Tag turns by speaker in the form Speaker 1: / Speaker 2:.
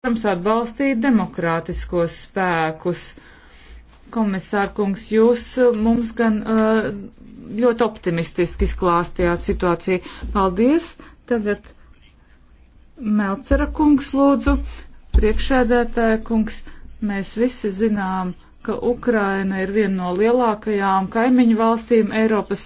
Speaker 1: protams, atbalstīt demokrātiskos spēkus. Komisārkungs, jūs uh, mums gan uh, ļoti optimistiski izklāstījāt situāciju. Paldies! Tagad Melcera kungs lūdzu, priekšēdētāja kungs, mēs visi zinām, ka Ukraina ir viena no lielākajām kaimiņu valstīm Eiropas